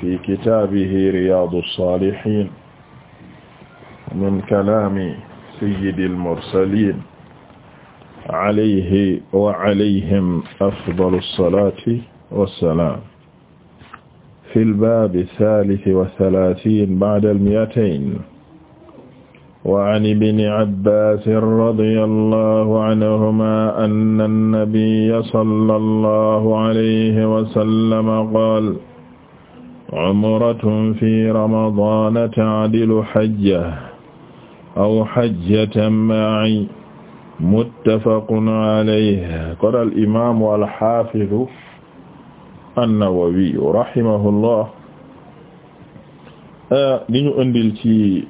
fi kitaabihi riyaadu saalihiin min kalaami sayyidil mursaliin alayhi wa alayhim afdalu salaati wa salaam fil baabi saalisi wa salaatiin ba'dal mi'atayn وعن ابن عباس رضي الله عنهما أن النبي صلى الله عليه وسلم قال umratun fi ramadana taadilu xajja aw xajjatan ma'i muttafaqun alayhi kon al-imaamu al-xaafidu an-Nawawiyu rahimahullah li ñu indil ci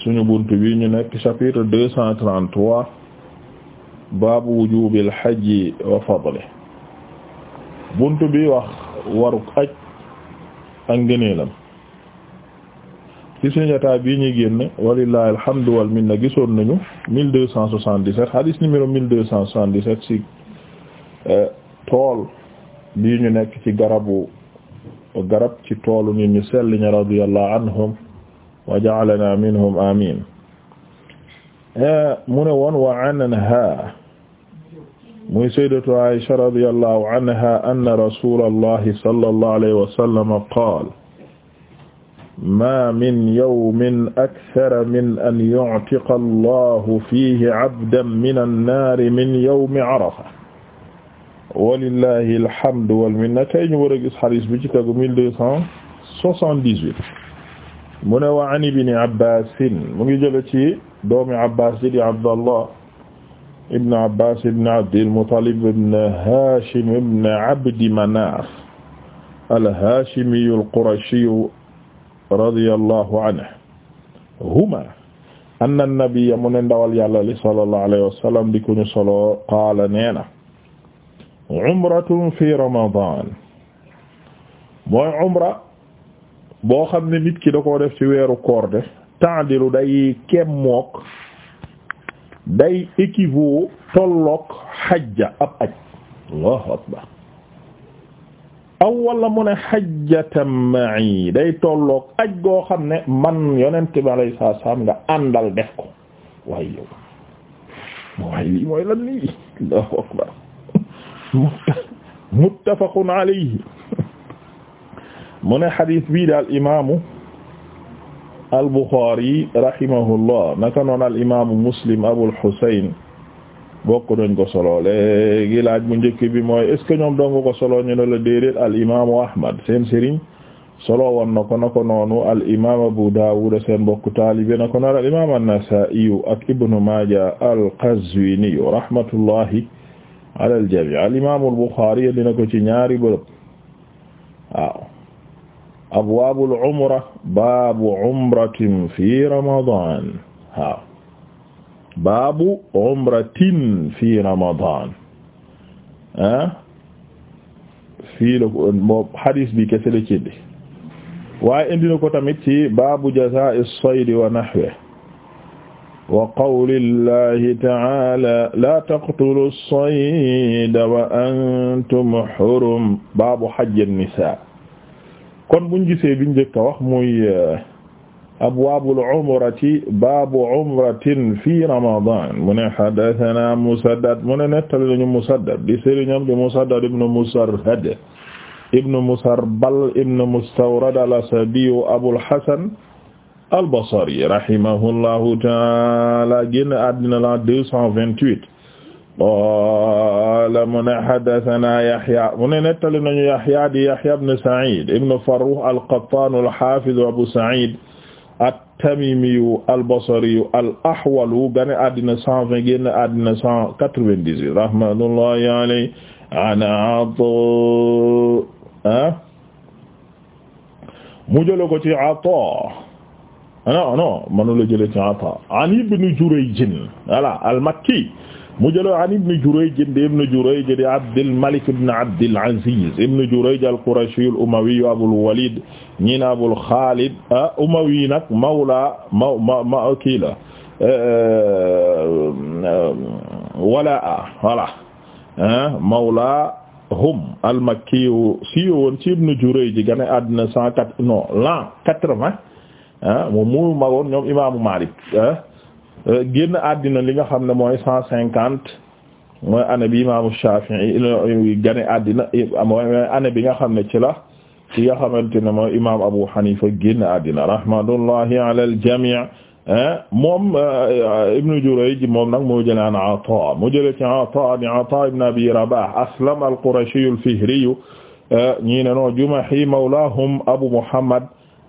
suñu buntu bi ñu nekk chapitre deux cent trente-trois baabu wujubil hajji wa fadlihi buntu bi wax waru aj ak ngëneelam ci suñu jotaay bii ñuy génn walillahi alhamdu wal minna gisoon nañu mil 1277 hadith numéro 1277 ci euh, tool bii ñu nekk ci garabu garab ci toolu nit ñu sell ñi radiyallahu anhum wa ja'alana minhum amin euh, mu ne woon wa anha muy sayyidatu Aisha radiyallahu anha anna rasulallahi sallallahu alayhi wa sallam qaala ma min yawmin akthara min an yu'tiqa allahu fiihi abdan min an-naari min yawmi Arafa walillahi alhamdu wal minna tey ñu war a gis xadis bi ci tegu mille deux cent soixante-dix-huit mu ne wa an ibni Abbaas mu ngi jële ci doomi Abbaas di Abdallah ibn Abbas ibn Abdil Muttalib ibn Hashim ibn Abdi Manaf al-Hashimi al-Qurashi radiyallahu anhu huma anna an-nabiyya mu ne ndawal yàlla li sallallahu alayhi wa sallam di ko ñu solo qaala neena umratun fi Ramadan mooy umra boo xam ne nit ki da koo def ci weeru koor de ta'dilu day kem mook day équivaut tolloog xajja ab aj allahu akbar aw wala mu ne xajjatan ma'i day tolloog aj goo xam ne man yonent bi alayhi salaam nga àndal def ko waaye yow waaye lii mooy lan lii allahu akbar muttafaqun alayhi mu ne xadiis bii daal imaamu al-Bukhari rahimahullah naka noon al imaamu Muslim Abul Husayn bokk nañ ko solo léegi laaj bu njëkk bi mooy est ce que ñoom dong ko solo ñu ne la déedéet al imaamu Ahmad seen sëriñ solo woon na ko na ko noonu al imaam Abu Dawud seen bokk taalibe na ko noonu al imaam An-Nasa'i ak Ibnu Maaja al-Qazwini rahmatullahi ala al-jamii al imaamul Bukhari dina ko ci ñaari bërëb waaw. abwaabul umra baabu umratin fi ramadan waaw baabu umratin fi ramadan ah fii la ko moom hadis bi kese la ci waaye indi na ko tamit ci baabu jazaa'i saydi wa nahwihi wa qawli llahi ta'ala laa taqtulu sayda wa antum hurum baabu hajji nisaa kon buñ gisee biñ njëkk a wax muy euh, abwaabul umrati baabu umratin fi ramadan mu ne hadathana musaddad mu ne nettali nañu musaddad di sëriñam di musaddad ibnu musarhad ibnu musarbal ibnu mustawrad al-asabiyu abul hasan al-basri rahimahullahu ta'ala génn àddina la 228 qaala mu ne haddasanaa Yahya mu ne nettali nañu Yahya di Yahya ibn Sa'iid ibn Farrux al-Qattaan al-Haafiz Abu Sa'iid at-Tamiimiyu al-Basriyu al-Ahwalu gane àddina cent vingt génn àddina cent quatre-vingt-dix-huit rahmatullahi alayhi an Ataa ah? mu jële ko ci Ataa ah, non non mënu la jële ci Ataa an Ibn Jurayj voilà al-Makki mu jëlo an ibn Jurayj di ibn Jurayj di Abdul Malik ibn Abdul Aziz ibn Jurayj al-Qurashi al-Umawi Abul Walid ñi na Abul Khalid ah, Umawi nag mawla ma ma ma kii la eh, eh, walaa voilà ah, mawla hum al-Makki si woon ci ibn Jurayj gane àddina cent quatre non l'an quatre-vingt ah, moom mu magoon ñoom imaamu Malik Euh, génn àddina li nga xam ne mooy cent cinquante mooy année bi imaamu Shafi'i euh, gane àddina mooy année bi nga xam ne ci la ci nga xamante ne mooy imaam Abu Hanifa génn àddina rahmatullahi ala al-jami' moom euh, Ibn Jurayj moom nag moo jëlee an Ata mu jëlee ci Ata ni Ata ibn Abi Rabah Aslam al-Qurashi al-Fihri ñii ne noo Jumahi mawlahum Abu Muhammad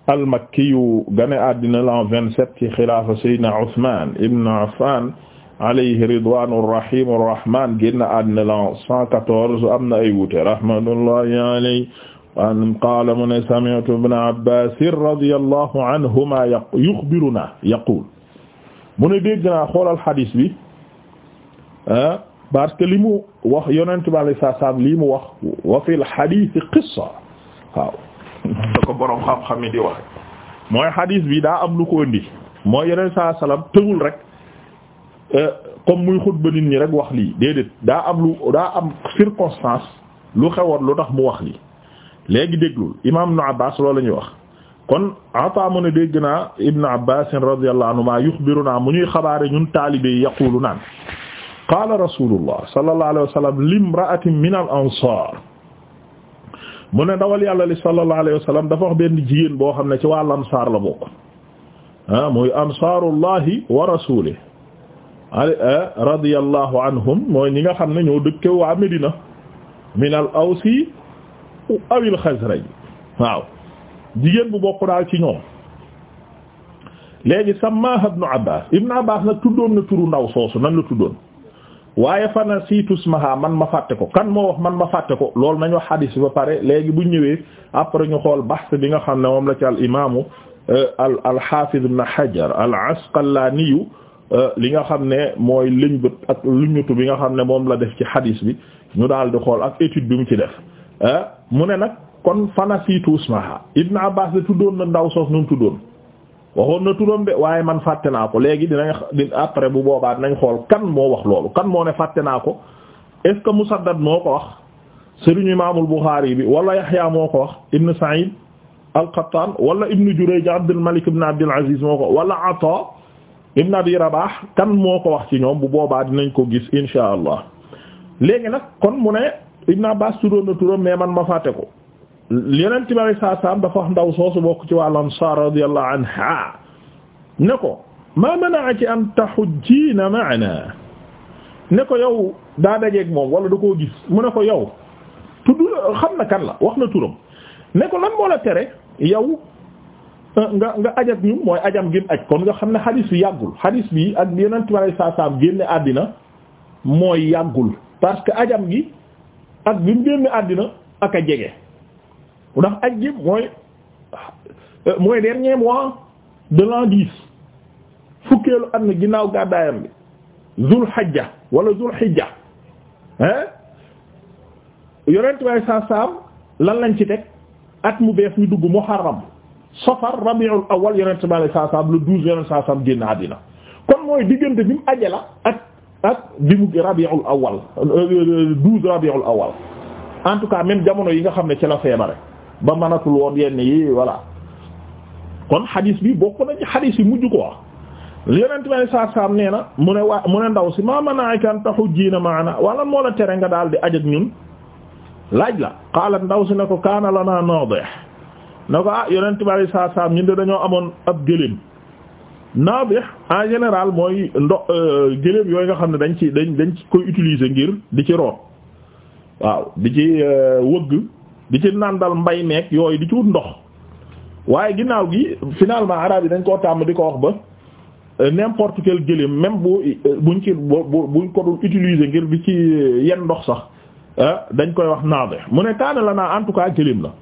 al-Makkiyu gane àddina l'an vingt-sept ci xilaafa Seydina Usmaan ibn Affaan alayhi ridwaanu rahiim rahmaan génn àddina l'an cent quatorze am na ay wuute rahmatullahi alayhi an qaala mu ne sami'tu ibn Abbaas radiyallahu anhumaa yuxbirunaa yaquul mu ne dégg naa xoolal xadiis bi ah, parce que li mu wax yonent bi alayhi salaam li mu wax wa fil xadiisi qissa waaw da ko borom xam-xam yi di waxe mooy xadiis bi daa am lu ko indi mooy yeneen saa salaam tëwul rek euh, comme muy xutba nit ñi rek wax li déedéet daa am lu daa am circonstance lu xewoon lu tax mu wax li léegi déglul imaam ibnu Abbaas loolu la ñuy wax kon ata mu ne dégg naa ibnu Abbaas radiyallahu anhuma yuxbiruna mu ñuy xabaare ñun taalibe yi yaqulu naan qaala rasulullah sallallahu alayhi wa sallam min al ansar mu ne dawal yàlla li sallallahu alayhi wa sallam dafa wax benn jigéen boo xam ne ci wàll ansaar la bokk ah muy ansaarullahi wa rasuulihi eh, radiyallahu anhum mooy ñi nga xam ne ñoo dëkke waa Medina min al awsi awil xasraj waaw jigéen bu bokk daal ci ñoom léegi sammaha ibnu Abbaas ibnu Abbaas nag tuddoon na turu ndaw soosu nan la tuddoon waaye fa nasiitu ismaha man ma fàtte ko kan moo wax man ma fàtte ko loolu nañu wax hadis bi ba pare léegi bu ñëwee après ñu xool bahth bi nga xam ne moom la ci al imaamu euh, al al hafiz ibn hajar al asqalaaniyu euh, li nga xam ne mooy lëñbët ak luñutu bi nga xam ne moom la def ci hadis bi ñu daal di xool ak étude bi mu ci def euh, mu ne nag kon fa nasiitu ismaha ibn abbas la tuddoon na ndaw soos nu mu tuddoon waxoon na turom de waaye man fàtte naa ko léegi dinañ après bu boobaa dinañ xool kan moo wax loolu kan moo ne fàtte naa ko est-ce que Musaddad moo ko wax sëriñ Imaamul Buxaari bi wala Yaxya moo ko wax Ibn Saïd al-Qattaan wala Ibn Jurayj Abdul Malik ibn Abdul Aziz moo ko wala Ataa ibn Abi Rabah kan moo ko wax ci ñoom bu boobaa dinañ ko gis inshaa Allah léegi nag kon mu ne Ibn Abbas tuddoon na turam mais man ma fàtte ko yeneen tibari saa dafa wax ndaw soosu bokk ci waa Ansaar radiyallahu anha ne ko maa mana'aki an tahujjina ma'ana ne ko yow daa dajeeg moom wala da koo gis mu ne ko yow tudd xam na kan la wax na turam ne ko lan moo la tere yow eh, nga nga ajat ñu mooy ajam gën aj kon nga xam ne xadis bi yàggul xadis bi ak yeneen tibari saa saam génne àddina mooy yàggul parce que ajam gi ak bi mu génne àddina ak a jege. ndax ak gi mooy euh, mooy dernier mois de l'an dix fukkeelu am na ginnaaw gàddaayam bi zul hajja wala zul hijja hein yonent baay saa lan lañ ci teg at mu bees mi dugg muharram safar rabiul awal yonent baay saa saam le douze yonent saa saam génn àddina kon mooy diggante bi mu aje la ak ak bi mu rabiul awal euh, euh, douze rabiul awal en tout cas même jamono yi nga xam ne ci la feebare ba mënatul woon yenn yi voilà kon xadis bi bokk na ci xadis yi mujj ko wax yonent bi alayhi salaatu salaam nee na mu ne waa mu ne ndaw si ma mana'aka an tahujjina ma'ana wala moo la tere nga daal di ajak ñun laaj la qaalat ndaw si ne ko kaana lanaa naadih ne ko ah yonent bi alayhi salaatu ñun de dañoo amoon ab gëléem naadih en général mooy ndo euh, gëléem yooyu nga xam ne dañ ci dañ dañ ci koy utiliser ngir di ci root waaw di ci euh, wëgg di ci dal mbay meek yooyu di ci wut ndox waaye ginnaaw gi finalement arabe yi dañ koo tàmm di ko wax ba euh, n'importe quel gëléem même bu euh, buñ ci buñ ko dul utiliser ngir bi ci euh, yenn ndox sax ah, dañ koy wax naade mu ne kaana la naa en tout cas gëléem la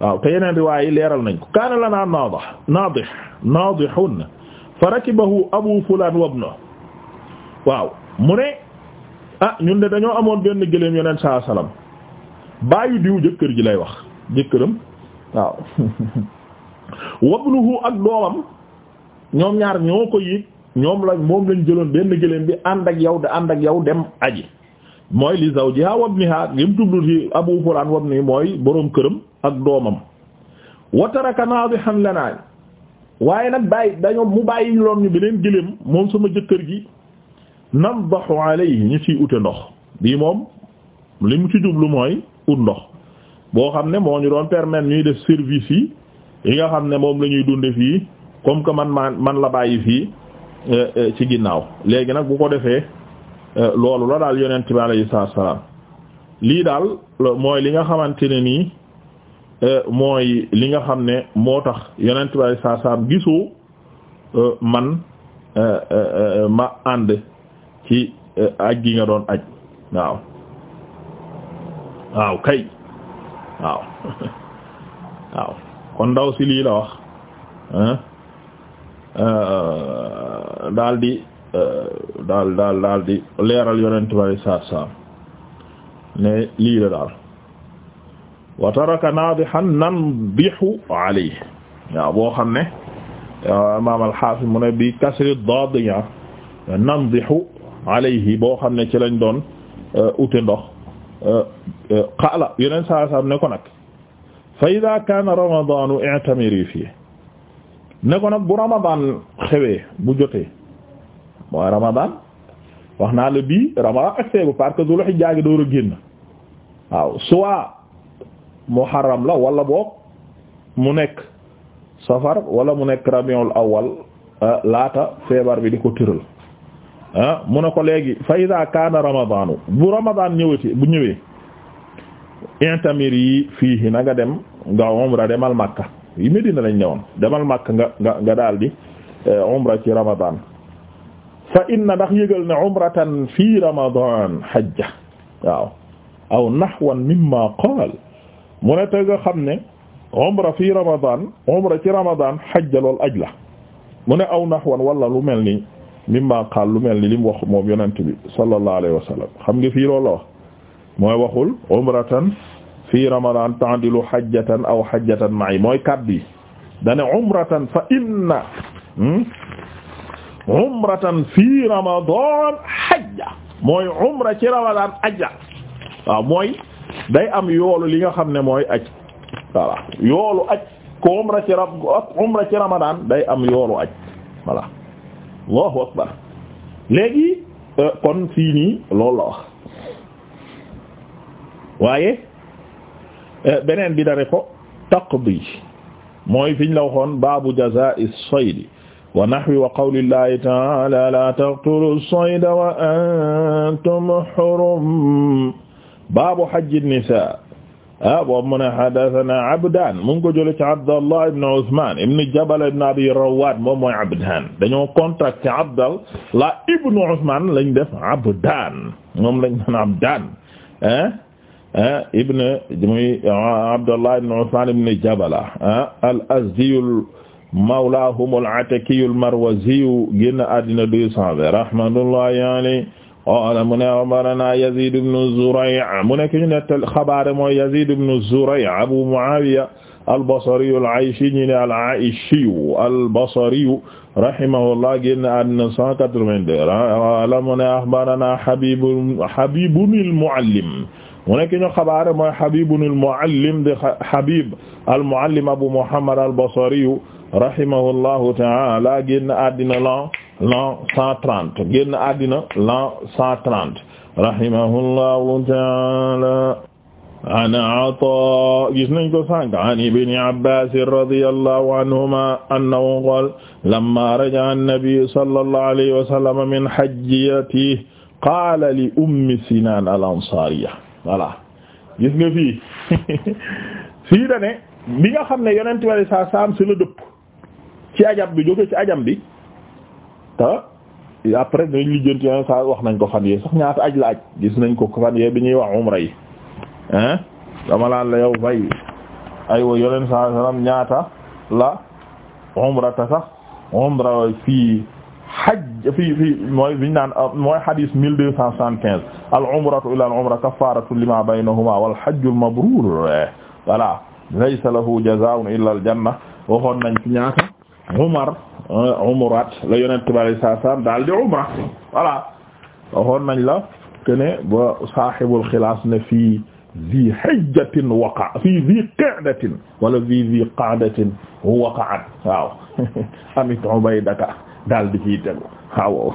waaw te yeneen riwaay yi leeral nañ ko kaana la naa naada naade naadihun fa rakibahu abu fulaan wabna waaw mu ne ah ñun de dañoo amoon benn gëléem yoneen saa salaam baayu diw jëkkër ji lay wax jëkkëram waaw wabluhu ak doomam ñoom ñaar ñoo ko yit ñoom la moom lañ jëloon benn gëléem bi ànd ak yow de ànd ak yow dem aji mooy li zawjiha wabniha li mu tublu ci abu fulaan wabni mooy boroom këram ak doomam wa taraka xam lana waaye nag bàyyi dañoo mu bàyyi loon ñu beneen gëléem moom sama jëkkër gi nandahu alayhi ñu ciy ute ndox bii moom li mu ci dublu mooy ut ndox boo xam ne moo ñu doon permettre ñuy def service yi yi nga xam ne moom la ñuy fii comme que man man man la bàyyi fii euh, euh, ci ginnaaw léegi nag bu ko defee euh, loolu la daal yonent bi alayhi salaam lii daal mooy li nga xamante ne nii mooy li nga xam ne moo tax yonent bi alayhi salaam gisoo man ma ànd ci aj gi nga doon aj waaw waaw kay waaw waaw kon ndaw si lii la wax euh, daal di euh, daal daal daal di leeral yonent bari saat saam ne lii la daal wa taraka naadihan nanbihu alayhi waaw boo xam ne euh, imaam al-Haafiz mu ne bi kasri daad nandihu alayhi boo xam ne ci lañ doon ute ndox qaala yeneen saa saam ne ko nag fa ida kaana ramadanu i'tamiri fii ne ko nag bu ramadan xewee bu jotee mooy ramadan wax naa la bii ramadan ak seegu parce que du loxi jaagi door a génn waaw soit muharram la wala boog mu nekk safar wala mu nekk rabiul awal laata feebar bi di ko tëral ah mu ne ko léegi fa ida kaana ramadanu bu ramadan ñëwati bu ñëwee intamir yi fiihi na dem nga umra demal makka yi Medina lañ ñëwoon demal makka nga nga nga daal di eh, umra ci ramadan fa inna ndax ne umratan fii ramadan hajja waaw aw nahwan xam ne umra ci ramadan hajja aj la mu ne aw nahwan wala lu mel nii mimma qaal lu mel ni lim wax moom yonent bi sallallahu alayhi wa xam nga fii loolu la wax mooy waxul umratan fii ramadan ta'dilu hajjatan aw hajjatan ma'i mooy kaddu yi dane umratan fa hmm? fii ramadan hajja mooy umra ci ramadan ajja day am yoolu li nga xam ne mooy aj yoolu aj ko umra ramadan day am yoolu aj allahu akbar léegi euh, kon fii nii loolu la wax waaye euh, beneen bi dare ko taqdi mooy fiñ la waxoon baabu jazaa'i saydi wa nahwi wa qawlillahi ta'ala la taqtulu sayda wa antum hurum baabu hajji nisaa ah boobu mu ne hadathana Abdaan mu ngi ko jëlee ci Abdallah ibn Usman ibn Jabal ibn Abi Rawad moom mooy Abdaan dañoo contract ci Abdallah ibn Usman lañ def Abdaan moom lañ naan Abdaan ah, ah ibn muy Abdallah ibn Usman ibn Jabal ah, al-Azdi mawlaahum al-Ataki al-Marwazi génn àddina deux cent vingt rahmatullahi alayhi qaala mu ne axbaranaa Yaziid ibnu Zuray' mu nekk ñu nettal xabaar mooy Yaziid ibnu Zuray' Abu Mu'aawiya al-Basriyu al-Ayshi ñi ne al-Ayshiyu al-Basriyu rahimahullah génn àddina 182 qaala mu ne axbaranaa Habiibun Habiibun al-Mu'allim mu nekk ñu xabaar mooy Habiibun al-Mu'allim di Habiib al-Mu'allim Abu Muhammad al-Basriyu rahimahullahu ta'aala génn àddina lan l'an cent trente génn àddina l'an cent trente rahimahullahu taala an Ataa nañ ko sànq an ibni Abbaas radiyallahu anhuma annahu qaala lamma raja'a an-nabiyyu min hajjatihi qaala li ummi Sinaan al-Ansaariya voilà gis nga fii fii da ne bi nga xam ne yonent bi sallallahu alayhi wa sallam ci ci ajam bi jóge ci bi te après dañ lijjanti yeneen saa wax nañ ko fan yee sax ñaata aj la aj gis nañ ko fan yee bi ñuy wax umra yi hein dama laan la yow bay aywa yeneen saa salaam ñaata la umra te sax umra fii xaj fii fii mooy biñ naan mooy xadis mille deux cent soixante-quinze al umratu ila al umra kafaratu lima baynahuma wal hajjul mabrur voilà laysa lahu jazaa'un illa al janna waxoon nañ ci ñaata umar umrat la yonent bi saa saa daal di umra voilà waxoon nañ la que ne ba saaxibul xilaas ne fii zi hijjatin waqa fii zi qa'datin wala fii zi qa'datin waqa'at waaw amit ubaydaka daal di ciy tegu waaw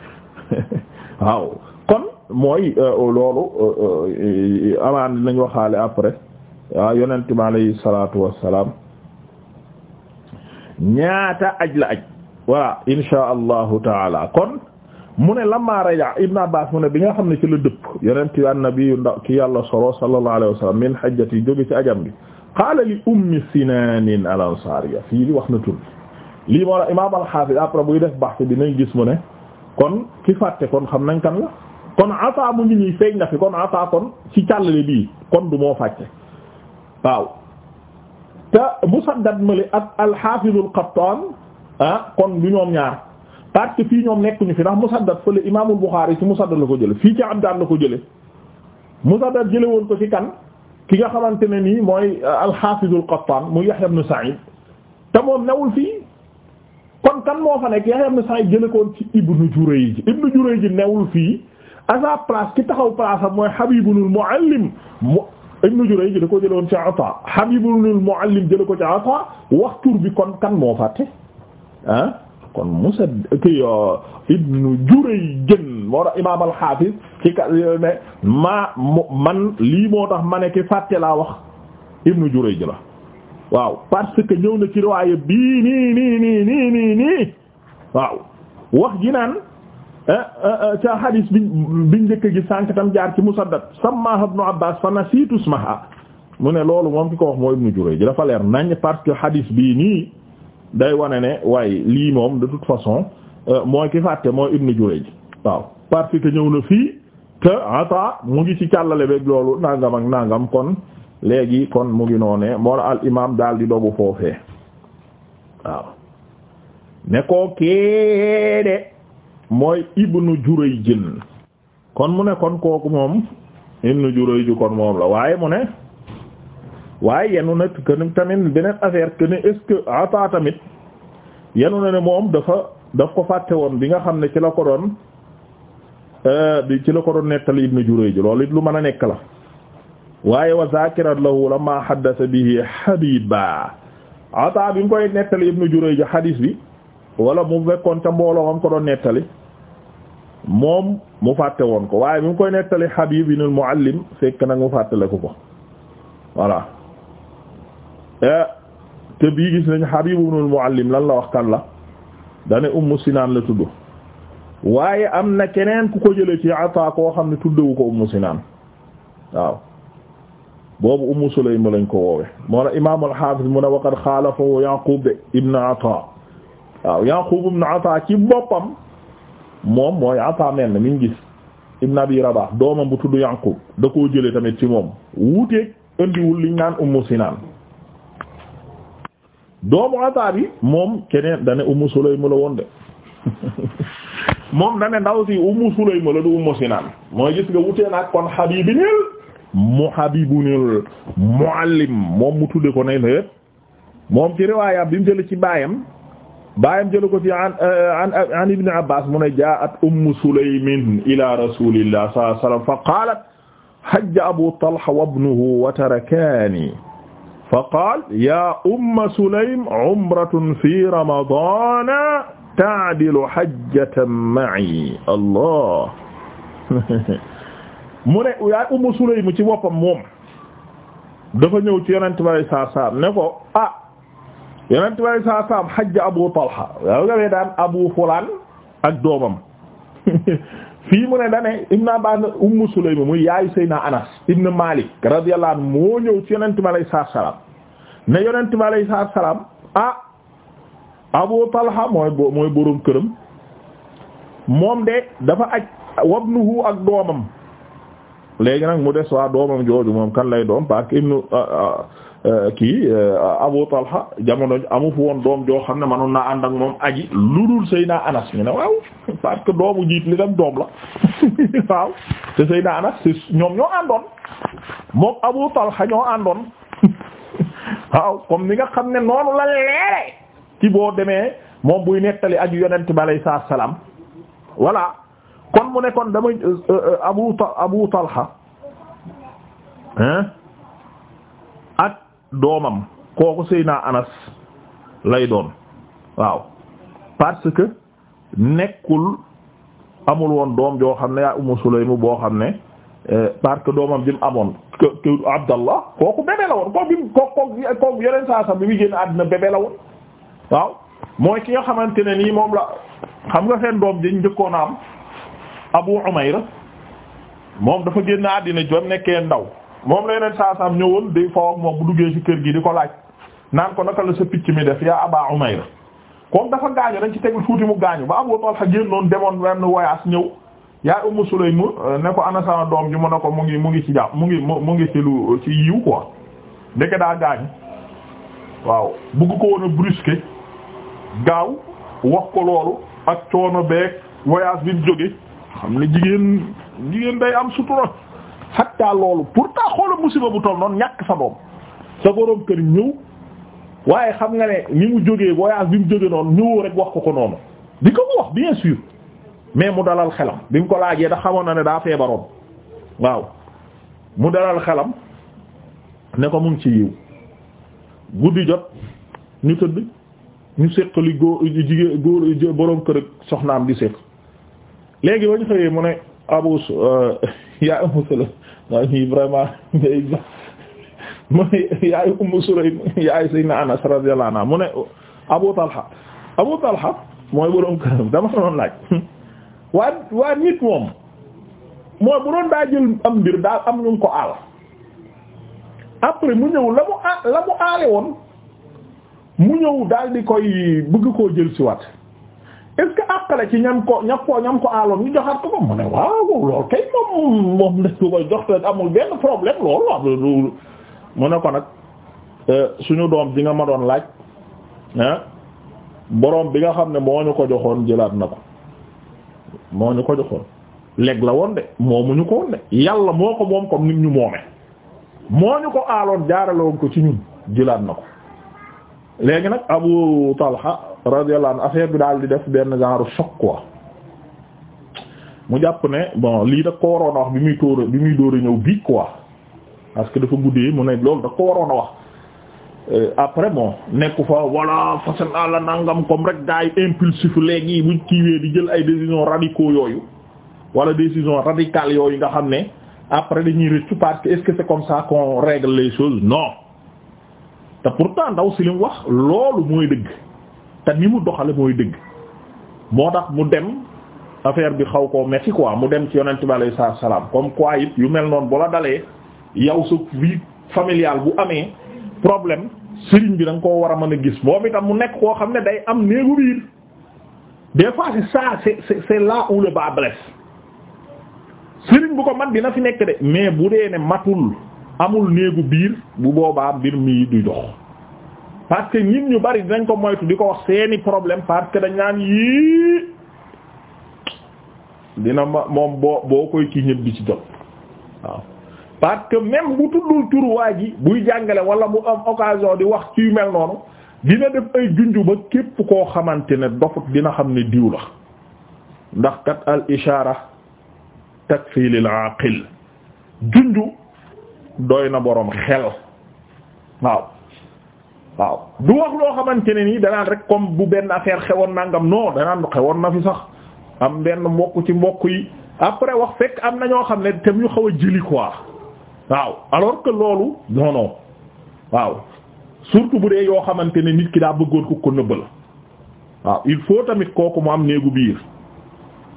waaw kon mooy euh, loolu euh, euh, amaan nañ waxaale après waaw yonent bi alayhi salaatu wassalaam ñaata aj la aj voilà insha allahu taala kon mu ne lamma raja ibn abbas mu ne bi nga xam ne ci la dëpp yonent annabiyu ndaw ki yàlla solo sallallahu alayhi wa sallam min hajjati jóge ci ajam bi qaala li ummi sinanin al ansariya fii li wax na tur lii moo la imam alxaafis après def def baxte dinañ gis mu ne kon ki fàtte kon xam nañ kan la kon ataa mu ngi nii feeñ na fi kon ataa kon ci càllale bii kon du moo fàtte waaw te Musaddad male ak al-Hafizul Qattan ah kon bu ñoom ñaar parce que fii ñoom nekkuñu fi ndax Musaddad fële Imaamul Bukhari ci Musaddad la ko jële fii ci Abdaan la ko jële Musaddad jële woon ko ci kan ki nga xamante ne nii mooy euh, al-Hafizul Qattan mu Yahya ibn Sa'id te moom newul fii kon kan moo fa nekk Yahya ibn Sa'id jële ko woon ci Ibnu Jurayj Ibnu Jurayj newul fii à sa place ki taxaw place mooy mooy Habibul Muallim Ibn Jurayj da ko jëloon ci Ata Habib ibn al-Muallim jële ko ci Ata wax tur bi kon kan moo fàtte ah kon Musaddad ki uh, Ibn Jurayj moo tax imaam al-Hafiz ci ka uh, ne maa man lii moo tax ma ne ki fàtte laa wax Ibn Jurayj la waaw parce que ñëw na ci riwaaya bii nii nii nii nii nii nii waaw wax ji naan Eh, eh, eh, ca hadis bi biñ njëkk gi sànq tam jaar ci Musaddad sammaha ibnu Abbaas fa nasiitu ismaha mu ne loolu moom ki ko wax mooy Ibnu Jurayj dafa leer nañ parce que hadis bii nii day wane ne waaye lii moom de toute façon moo ki fàtte mooy Ibnu Jurayj waaw parce que ñëw na fii te ata mu ngi ci càllale beeg loolu nangam ak nangam kon léegi kon mu ngi noo ne moo al imam daal di dogu foofee waaw ne koo keede mooy ibnu Jurayj kon mu ne kon kooku moom ibnu Jurayj kon moom la waaye mu ne waaye yenu na que tamit beneen affaire que ne est tamit yenu na ne moom dafa daf ko fàtte woon bi nga xam ne ci la ko doon euh, bi ci la ko doon nettali ibnu Jurayj loolu it lu mën a nekk la waaye wa zakiran lahu lamma haddasa bi Habiba Ata bi mu koy nettali ibnu Jurayj hadis bi wala mu fekkoon ca mbooloo mam ko doon nettali moom mu fàtte woon ko waaye bi mu koy nettali Habib ibn al-Muallim fekk nag mu fàttaliku ko voilà eh, te bii gis nañ Habib ibn al lan la wax kan la dane Ummu Sinaan la tudd waaye am na keneen ku ko jële ci Ataa koo xam ne tuddewu ko Ummu Sinaan waaw boobu Ummu Sulaym lañ ko woowe moo la Imaam al-Hafiz mu ne waqad xaalafahu Yaqub ibn Ataa waaw Yaqub ibn Ata ci boppam moom mooy Ata mel na mi ngi gis ibn Abi Rabah doomam bu tudd Yaqub da koo jëlee tamit ci moom wuuteeg indiwul liñ naan Ummu Sinan doomu Ata bi moom keneen dane Ummu Sulaym la woon de moom dane ndaw si Ummu Sulaym la du Ummu Sinan mooy gis nga wutee naag kon Habibinil Muhabibunil Muallim moom mu tudde ko ne lépp moom ci riwaaya bi mu jëlee ci baayam baayam jëla ko ci eh, an an ibni abbas mu ne jaat ummu sulaymin ila rasulillah sallallahu alayhi wasallam fa qalat hajja abu talha wa ibnuhu wa tarakani fa qaal ya umma sulaym umratun fi ramadana taadilu hajjatan ma'i allah mu ne yaay ummu sulaym ci boppam moom dafa ñëw ci yonent bi sallallahu alayhi wasallam ne ko ah yonent bi saa saam xajja Abu Talha waaw nga daan Abu fulaan ak doomam fii mu ne dane Ibn Abbas Ummu Sulaym muy yaayu Seydina Anas ibn Malik radiyallahu anhu moo ñëw ci yonent bi alayhi salaam ne yonent bi alayhi salaam ah Abu Talha mooy mooy boroom moom de dafa aj wabnuhu ak doomam léegi nag mu des waa doomam jooju moom kan lay doom parce ibnu ah, ah, Euh, kii euh, Abu Talha jamono amu fu woon doom joo xam ne manoon naa ànd ak moom aji lu dul Seyna Anas ñu ne waaw parce que doomu jiit li tam doom la waaw te Seyna Anas ñoom ñoo àndoon moom Abu Talha ñoo àndoon waaw comme ni nga xam ne noonu la leere ci boo demee moom buy nettali aju yonent bi alayhi salaam voilà kon mu ne kon dama euh, Abu Abu Talha hein doomam kooku naa Anas lay doon waaw parce que nekkul amul woon doom joo xam ne yaa Ummu Sulaym boo xam ne eh, parce que doomam bi amoon que que Abdallah kooku bébé la woon kooku bi mu kooku kooku saa sax bi mu génn àddina bébé la woon waaw mooy ki nga xamante ne nii moom la xam nga seen doom dañ njëkkoon a am Abu Umayr moom dafa génn àddina jom nekkee ndaw. moom la yeneen saa saam ñëwoon di fawam moom bu duggee ci kër gi di ko laaj naan ko naka la sa picc mi def yaa Aba Umayr comme dafa gaañu dañ ci tegul tuuti mu gaañu ba Abu Talha génnoon demoon wenn voyage ñëw yaa Ummu Sulaym ne ko ana sama doom ji mu ne ko mu ngi mu ngi ci jàpp mu ngi mu ngi ci lu ci yiw quoi ndeke daa gaañu waaw bugg ko woon a gaaw wax ko loolu ak coono beeg voyage bi jóge xam ne jigéen jigéen day am sutura xatta loolu pourtant xoola musiba bu toll noonu ñàkk sa doom sa boroom kër ñëw waaye xam nga ne ni mu jógee voyage bi mu jógee noonu ñëwoo rek wax ko ko noonu di ko mu wax bien sûr mais mu dalal xelam bi mu ko laajee da xamoon na ne daa feebaroon waaw mu dalal xelam ne ko mu ci yiw guddi jot ñu tëdd ñu séq li góor jigéen góor boroom kër ak soxnaam di séq léegi ba ñu xëyee mu ne abu yaa amu mooy fii vraiment day mooy yaay Ummu Sulaym yaay Sayyidina Anas radiyallahu mu ne Abu Talha Abu Talha mooy boroom këram dama doon laaj waa waa nit moom mooy bu doon daa mbir daal am ñu ko aal après mu ñëw la mu a la mu aale woon mu ñëw daal di koy bëgg koo jël ci est-ce que àqale ci ñam ko ñam ko ñam ko aaloon ñu joxaat ko mu ne waaw lool kay moom moom ne du koy jox te amul benn problème loolu mu ne ko nag euh, suñu doom bi nga ma doon laaj ah boroom bi nga xam ne moo ñu ko joxoon jëlaat na ko moo ñu ko joxoon leg la woon de moomuñu ko woon de yàlla moo ko moom comme nit ñu moome moo ñu ko aaloon jaaraloon ko ci ñun jëlaat na ko léegi nag Abu Talha radiyallahu anhu affaire bi daal di def benn genre choc quoi mu jàpp ne bon lii da ko waroon a wax bi muy tóora bi muy dóora ñëw bi quoi parce que dafa guddee mu ne loolu da ko waroon a wax euh, après bon nekku fa voilà façon àlla nangam comme rek gaa yi impulsif léegi buñ di jël ay décisions radicaux yooyu wala décisions radicales yooyu nga xam ne après dañuy rëccu parce que est-ce que comme ça qu'on règle les choses non te pourtant ndaw si lim wax loolu mooy dëgg te ni mu doxale mooy dëgg moo tax mu dem affaire bi xaw koo metti quoi mu dem ci yonent bi alayhi salaatu salaam comme quoi it yu mel noonu boola dalee yow sa vie familial bu amee problème sëriñ bi da nga koo war a mën a gis moom itam mu nekk koo xam ne day am néegu biir des fois c'est c'est c'est là où le bas blesse bu ko man dina fi nekk de mais bu dee ne matul. amul néegu biir bu boobaa mbir mi du dox parce que nit ñu bari dinañ ko moytu di ko wax seeni problème parce que dañ naan yii dina ma moom boo boo koy kii ñëpp ci jot waaw parce que même bu tuddul turuwaa ji buy jàngale wala mu am occasion di wax ci mel noonu dina def ay junju ba képp koo xamante ne dofut dina xam ne diw la ndax kat al ishara takfi lil junju doy na boroom xel waaw waaw du wax loo xamante ne nii danaan rek comme bu benn affaire xewoon nangam non danaan xewoon na fi sax am benn mbokk ci mbokk yi après wax fekk am na ñoo xam ne te ñu xaw a jëli quoi waaw alors que loolu non non waaw surtout bu dee yoo xamante ne nit ki daa bëggoon ko ko nëbb la waaw il faut tamit kooku mu am néegu biir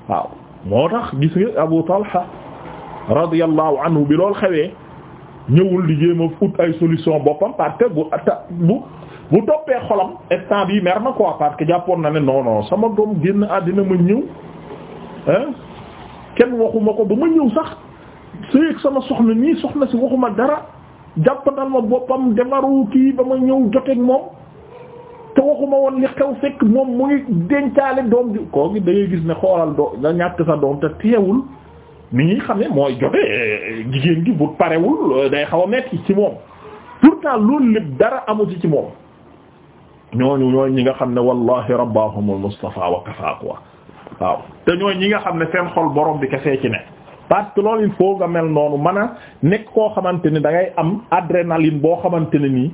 waaw moo tax gis nga Abu Talha radiyallahu anhu bi lool xewee ñëwul liggéey ma a ay solution boppam parce que bu atta bu bu toppee xolam instant bi mer na quoi parce que jàppoon na ne non sama doom génn àddina ma ñëw kenn waxuma ko ba ma ñëw sax sëyeeg sama soxna nii soxna si waxuma dara jàppandal ma boppam defaru kii ba ma ñëw joteeg moom te waxuma woon li xew fekk moom mu ngi dencaale doom ji koo gi da gis ne xoolal doo nga ñàkk sa doom te teewul ni ngi xam ne mooy jote jigéen gi bu parewul day xaw a metti ci moom pourtant loolu lépp dara amu ci ci moom ñooñu ñooy ñi nga xam ne wallahi rabbahumul mustafa wa kafaaqwa waaw te ñooy ñi nga xam ne seen xol borom bi kese ci ne parce que loolu il faut nga mel noonu mën a nekk koo xamante ni da ngay am adrénaline boo xamante ne nii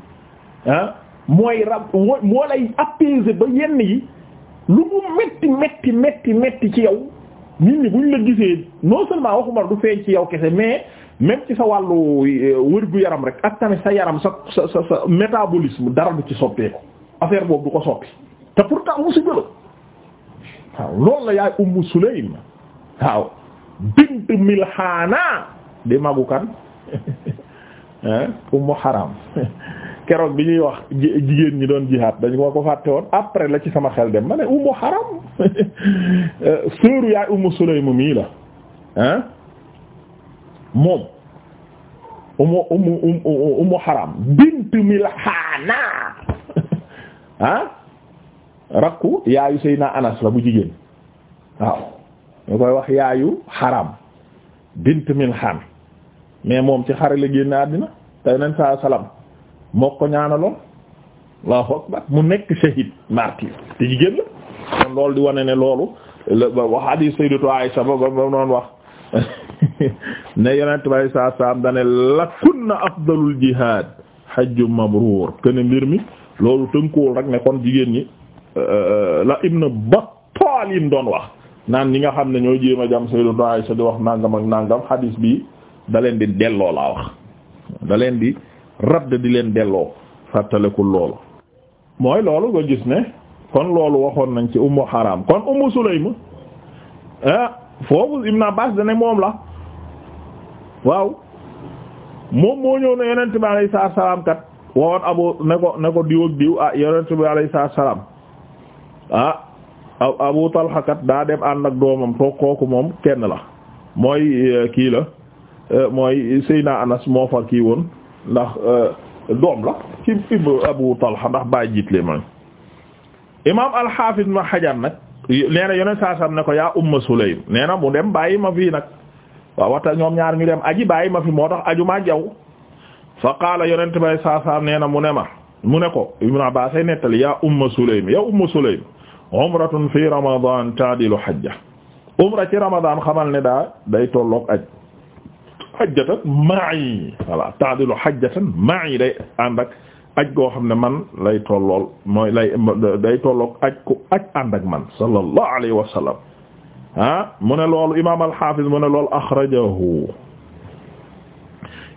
ah mooy rab moo lay apaiser ba yenn yi lu mu metti metti metti ci yow nit ñi buñ la gisee non seulement waxuma du feeñ ci yow kese mais même ci sa wàllu euh, wërgu yaram rek ak tamit sa yaram sa sa sa sa dara du ci soppeeku affaire boobu du ko soppi te pourtant mu si jëla waaw loolu la yaay Ummu Sulaym waaw bint Milhaana di magu kan Ummu Haram keroog bi ñuy wax jigéen ñi doon jihaad dañu ko ko fàtte woon après la ci sama xel dem ma ne Ummu Haram Euh, sœuru yaay Ummu Sulaym mii la ah moom Ummu Ummu Ummu Haram bint Milhaana ah rakku yaayu Seydina Anas la bu jigéen waaw ñu koy wax yaayu Haram bint Milhaan mais moom ci xare la génn àddina tey nañ saa salaam moo ko ñaanaloon mu nekk shahid martyr te jigéen la loolu di wane ne loolu la wax hadith sayyidatu Aisha ba ba noonu wax ne yonent bay saa saam dane lakunna afdalul jihad hajju mabruur ken mbir mi loolu tënkuwul rek ne kon jigéen ñi euh, euh, la Ibn ba yi doon wax naan ñi nga xam ne ñoo jéem a jam sayyidatu Aisha di wax nangam ak nangam hadith bi da leen di delloo laa wax da leen di radd di leen delloo fàttalikul loolu mooy loolu nga gis ne kon loolu waxoon nañ ci ummu haram kon ummu sulaym ah foofu ibn abbas dane moom la waaw moom moo ñëw ne yonent bi alayhi salaatu kat waxoon abu ne ko ne ko diw ak diw ah yonent bi alayhi salaatu salaam ah abu talha kat daa dem ànd ak doomam toog kooku moom kenn la mooy eh, kii la eh, mooy Seyna Anas moo fa kii woon ndax eh, doom la ci ibn abu talha ndax bàyyi jiitle man imaam al-Hafiz ma xajar nag nee na yoneen saa sam ne ko yaa Umm Sulaym nee na mu dem bàyyi ma fii nag waaw waxta ñoom ñaar ñu dem aji bàyyi ma fi moo tax aju maa jaw fa qaala yonent bay saa sam nee na mu ne ma mu ne ko Ibn Abbas ay nettali yaa Umm Sulaym yaa Umm Sulaym umratun fi ramadan ta'dilu hajja umra ci ramadan xamal ne daa day tolloog aj hajjatan ma'i wala ta'dilu hajjatan ma'i day ànd ak aj goo xam ne man lay tollool mooy lay day tolloog aj ku aj ànd ak man sallallahu alayhi wa sallam ah mu ne loolu imaam al-Hafiz mu ne loolu axrajahu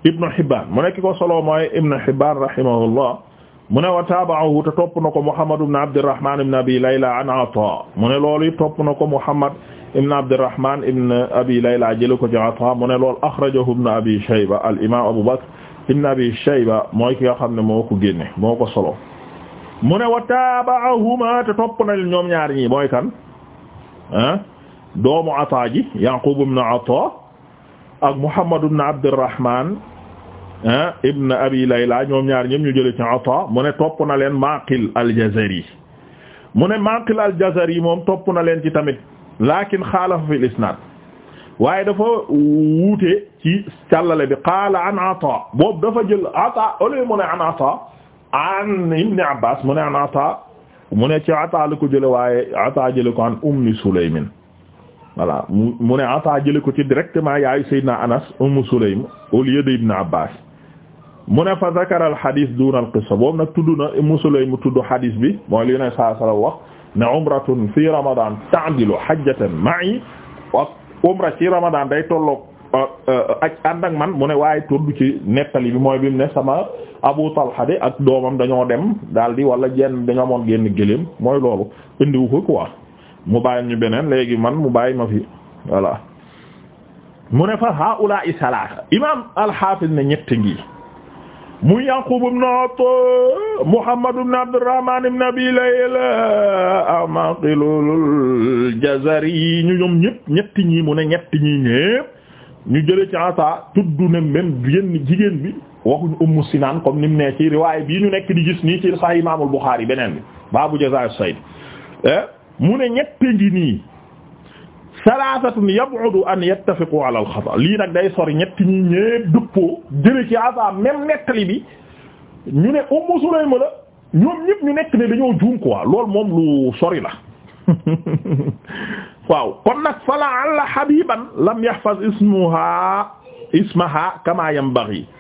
Ibn Hibban mu ne ki ko solo mooy Ibn Hibban rahimahullah mu ne wa taaba'ahu te topp na ko Muhammad ibn Abdirrahman ibn Abi Layla an Ata mu ne loolu topp na ko Muhammad ibn Abdirrahman ibn Abi Layla jële ko ci Ata mu ne loolu axrajahu ibn Abi Shayba al-imam Abu Bakr ibn abi shayba mooy ki nga xam ne moo ko génne moo ko solo mu ne wa te topp na ñoom ñaar ñi mooy kan doomu ataa ji yaqub ibn ata ak muhammad ibn abdurrahman ibn abi layla ñoom ñaar ñoom ñu jële mu ne topp na leen mu ne maqil aljazari moom topp na leen ci tamit lakin xaalafa fi l waaye dafa wuute ci càllale bi qaala an ata boobu dafa jël ata ole mu ne an ata an ibn abbas mu ne an ata mu ne ci ata la ko jële waaye ata jële ko an ummi sulaymin voilà mu ne ata jële ko ci directement yaayu sayyidina anas ummu sulaym au lieu de ibn abbas mu ne fa zakara al hadith duna al qissa boobu nag tudd na ummu sulaym tudd hadith bi mooy li ne saa sala wax ne umratun fi ramadan ta'dilu hajjatan ma'i umra ci ramadan day tolloog euh, euh, ak ànd ak man mu ne waaye tudd ci nettali bi mooy bi mu ne sama Abu Talha ak doomam dañoo dem daal wala jenn dañoo moon génn gëléem mooy loolu indiwu ko quoi mu bàyyi ñu beneen léegi man mu bàyyi ma fi voilà mu ne fa haula i salaasa imam al ne ñett ngi mu Yaqub ibn Ata Muhammad ibn Abdurrahman ibn la Layla amaqilul Jazari ñu ñoom ñëpp ñetti ñii mu ne ñetti ñii ñëpp ñu jële ci Ata tudd ne même yenn jigéen bi waxuñ Ummu Sinaan comme ni mu ne ci riwaay bii ñu nekk di gis nii ci Sahih Imaamul Buxaari beneen bi baabu jazaa sayd eh, mu ne ñetti ngi nii salaasatun yab'udu an yattafiqu ala al-xata lii nag day sori ñetti ñi ñëpp dëppoo jële ci asa même nettali bi ñu ne Ummu Sulayma la ñoom ñëpp ñu nekk ne dañoo juum quoi loolu moom lu sori la waaw kon nag fa la'alla habiban lam yahfaz ismuha ismaha kama yanbaghi